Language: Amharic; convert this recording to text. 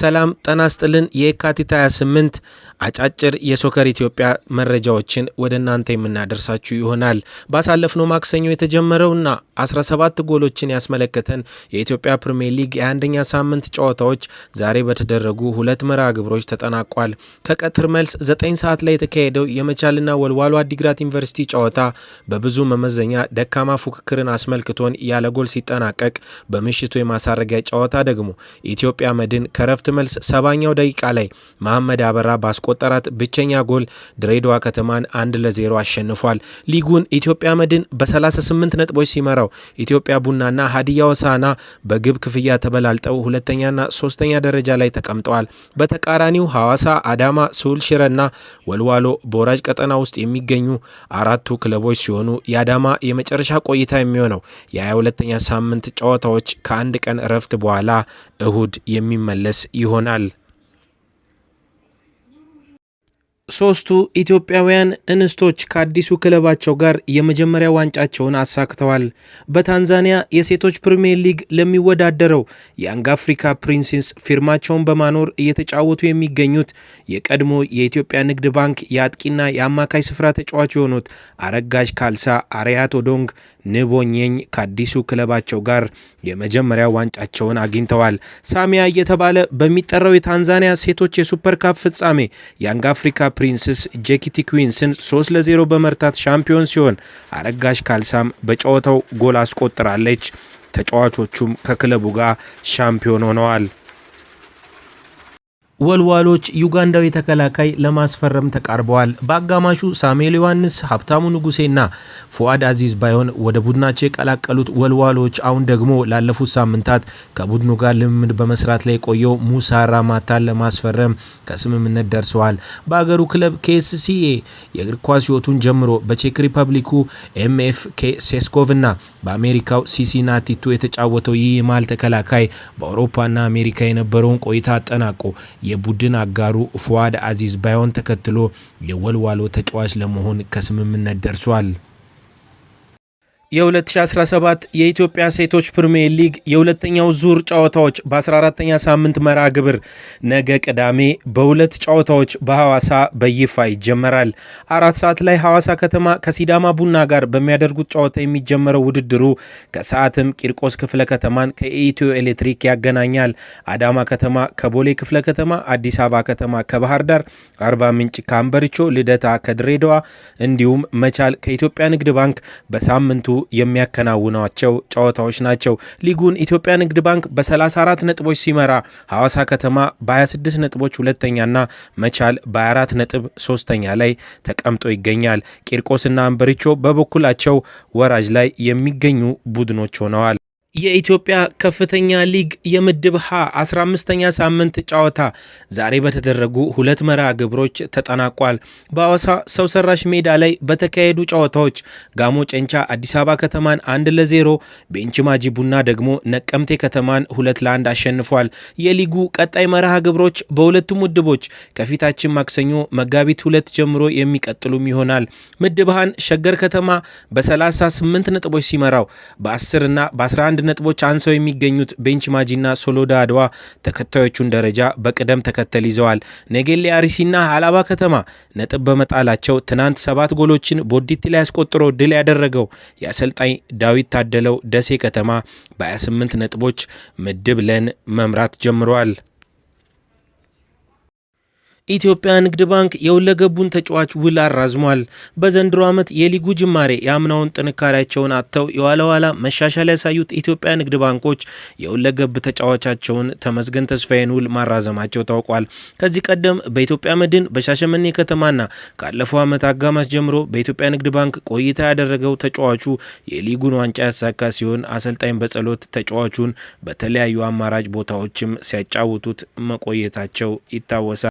ሰላም ጠና ስጥልን። የካቲት 28 አጫጭር የሶከር ኢትዮጵያ መረጃዎችን ወደ እናንተ የምናደርሳችሁ ይሆናል። ባሳለፍነው ማክሰኞ የተጀመረውና 17 ጎሎችን ያስመለከተን የኢትዮጵያ ፕሪምየር ሊግ የአንደኛ ሳምንት ጨዋታዎች ዛሬ በተደረጉ ሁለት መርሃ ግብሮች ተጠናቋል። ከቀትር መልስ 9 ሰዓት ላይ የተካሄደው የመቻልና ወልዋሎ አዲግራት ዩኒቨርሲቲ ጨዋታ በብዙ መመዘኛ ደካማ ፉክክርን አስመልክቶን ያለ ጎል ሲጠናቀቅ፣ በምሽቱ የማሳረጊያ ጨዋታ ደግሞ ኢትዮጵያ መድን ከረፍት መልስ ሰባኛው ደቂቃ ላይ መሐመድ አበራ ባስቆጠራት ብቸኛ ጎል ድሬዳዋ ከተማን አንድ ለዜሮ አሸንፏል። ሊጉን ኢትዮጵያ መድን በ38 ነጥቦች ሲመራው ኢትዮጵያ ቡናና ሀዲያ ወሳና በግብ ክፍያ ተበላልጠው ሁለተኛና ሶስተኛ ደረጃ ላይ ተቀምጠዋል። በተቃራኒው ሐዋሳ፣ አዳማ፣ ስሁል ሽረና ወልዋሎ በወራጅ ቀጠና ውስጥ የሚገኙ አራቱ ክለቦች ሲሆኑ የአዳማ የመጨረሻ ቆይታ የሚሆነው የ22ኛ ሳምንት ጨዋታዎች ከአንድ ቀን እረፍት በኋላ እሁድ የሚመለስ Y Honal. ሶስቱ ኢትዮጵያውያን እንስቶች ከአዲሱ ክለባቸው ጋር የመጀመሪያ ዋንጫቸውን አሳክተዋል። በታንዛኒያ የሴቶች ፕሪምየር ሊግ ለሚወዳደረው ያንግ አፍሪካ ፕሪንሴስ ፊርማቸውን በማኖር እየተጫወቱ የሚገኙት የቀድሞ የኢትዮጵያ ንግድ ባንክ የአጥቂና የአማካይ ስፍራ ተጫዋች የሆኑት አረጋሽ ካልሳ አርያቶ ዶንግ ንቦኘኝ ከአዲሱ ክለባቸው ጋር የመጀመሪያ ዋንጫቸውን አግኝተዋል። ሳሚያ እየተባለ በሚጠራው የታንዛኒያ ሴቶች የሱፐር ካፕ ፍጻሜ ያንግ አፍሪካ ፕሪንስስ ጄኪቲ ኩዊንስን 3 ለ0 በመርታት ሻምፒዮን ሲሆን አረጋሽ ካልሳም በጨዋታው ጎል አስቆጥራለች። ተጫዋቾቹም ከክለቡ ጋር ሻምፒዮን ሆነዋል። ወልዋሎች ዩጋንዳዊ ተከላካይ ለማስፈረም ተቃርበዋል። በአጋማሹ ሳሙኤል ዮሐንስ፣ ሀብታሙ ንጉሴና ፉአድ አዚዝ ባይሆን ወደ ቡድናቸው የቀላቀሉት ወልዋሎች አሁን ደግሞ ላለፉት ሳምንታት ከቡድኑ ጋር ልምምድ በመስራት ላይ የቆየው ሙሳ ራማታን ለማስፈረም ከስምምነት ደርሰዋል። በአገሩ ክለብ ኬኤስሲኤ የእግር ኳስ ሕይወቱን ጀምሮ በቼክ ሪፐብሊኩ ኤምኤፍኬ ሴስኮቭና በአሜሪካው ሲሲናቲቱ የተጫወተው ይህ የማል ተከላካይ በአውሮፓና አሜሪካ የነበረውን ቆይታ አጠናቆ የቡድን አጋሩ ፉአድ አዚዝ ባዮን ተከትሎ የወልዋሎ ተጫዋች ለመሆን ከስምምነት ደርሷል። የ2017 የኢትዮጵያ ሴቶች ፕሪሚየር ሊግ የሁለተኛው ዙር ጨዋታዎች በ14ኛ ሳምንት መርሃ ግብር ነገ ቅዳሜ በሁለት ጨዋታዎች በሐዋሳ በይፋ ይጀመራል። አራት ሰዓት ላይ ሐዋሳ ከተማ ከሲዳማ ቡና ጋር በሚያደርጉት ጨዋታ የሚጀመረው ውድድሩ ከሰዓትም ቂርቆስ ክፍለ ከተማን ከኢትዮ ኤሌክትሪክ ያገናኛል። አዳማ ከተማ ከቦሌ ክፍለ ከተማ፣ አዲስ አበባ ከተማ ከባህር ዳር፣ አርባ ምንጭ ከአምበሪቾ፣ ልደታ ከድሬዳዋ እንዲሁም መቻል ከኢትዮጵያ ንግድ ባንክ በሳምንቱ የሚያከናውኗቸው ጨዋታዎች ናቸው። ሊጉን ኢትዮጵያ ንግድ ባንክ በ34 ነጥቦች ሲመራ ሐዋሳ ከተማ በ26 ነጥቦች ሁለተኛና መቻል በ24 ነጥብ ሶስተኛ ላይ ተቀምጦ ይገኛል። ቂርቆስና አንበሪቾ በበኩላቸው ወራጅ ላይ የሚገኙ ቡድኖች ሆነዋል። የኢትዮጵያ ከፍተኛ ሊግ የምድብ ሀ 15ኛ ሳምንት ጨዋታ ዛሬ በተደረጉ ሁለት መርሃ ግብሮች ተጠናቋል። በአዋሳ ሰው ሰራሽ ሜዳ ላይ በተካሄዱ ጨዋታዎች ጋሞ ጨንቻ አዲስ አበባ ከተማን አንድ ለዜሮ፣ ቤንች ማጂ ቡና ደግሞ ነቀምቴ ከተማን ሁለት ለአንድ አሸንፏል። የሊጉ ቀጣይ መርሃ ግብሮች በሁለቱም ምድቦች ከፊታችን ማክሰኞ መጋቢት ሁለት ጀምሮ የሚቀጥሉም ይሆናል። ምድብ ሀን ሸገር ከተማ በ38 ነጥቦች ሲመራው በ10 እና በ11 አንድ ነጥቦች አንሰው የሚገኙት ቤንችማጂና ሶሎዳ አድዋ ተከታዮቹን ደረጃ በቅደም ተከተል ይዘዋል። ነጌሌ አርሲና ሀላባ ከተማ ነጥብ በመጣላቸው ትናንት ሰባት ጎሎችን ቦዲቲ ላይ አስቆጥሮ ድል ያደረገው የአሰልጣኝ ዳዊት ታደለው ደሴ ከተማ በ28 ነጥቦች ምድብ ለን መምራት ጀምረዋል። ኢትዮጵያ ንግድ ባንክ የሁለገቡን ተጫዋች ውል አራዝሟል። በዘንድሮ ዓመት የሊጉ ጅማሬ የአምናውን ጥንካሬያቸውን አጥተው የኋላ መሻሻል ያሳዩት ኢትዮጵያ ንግድ ባንኮች የሁለገብ ተጫዋቻቸውን ተመስገን ተስፋዬን ውል ማራዘማቸው ታውቋል። ከዚህ ቀደም በኢትዮጵያ መድን በሻሸመኔ ከተማና ካለፈው ዓመት አጋማሽ ጀምሮ በኢትዮጵያ ንግድ ባንክ ቆይታ ያደረገው ተጫዋቹ የሊጉን ዋንጫ ያሳካ ሲሆን አሰልጣኝ በጸሎት ተጫዋቹን በተለያዩ አማራጭ ቦታዎችም ሲያጫውቱት መቆየታቸው ይታወሳል።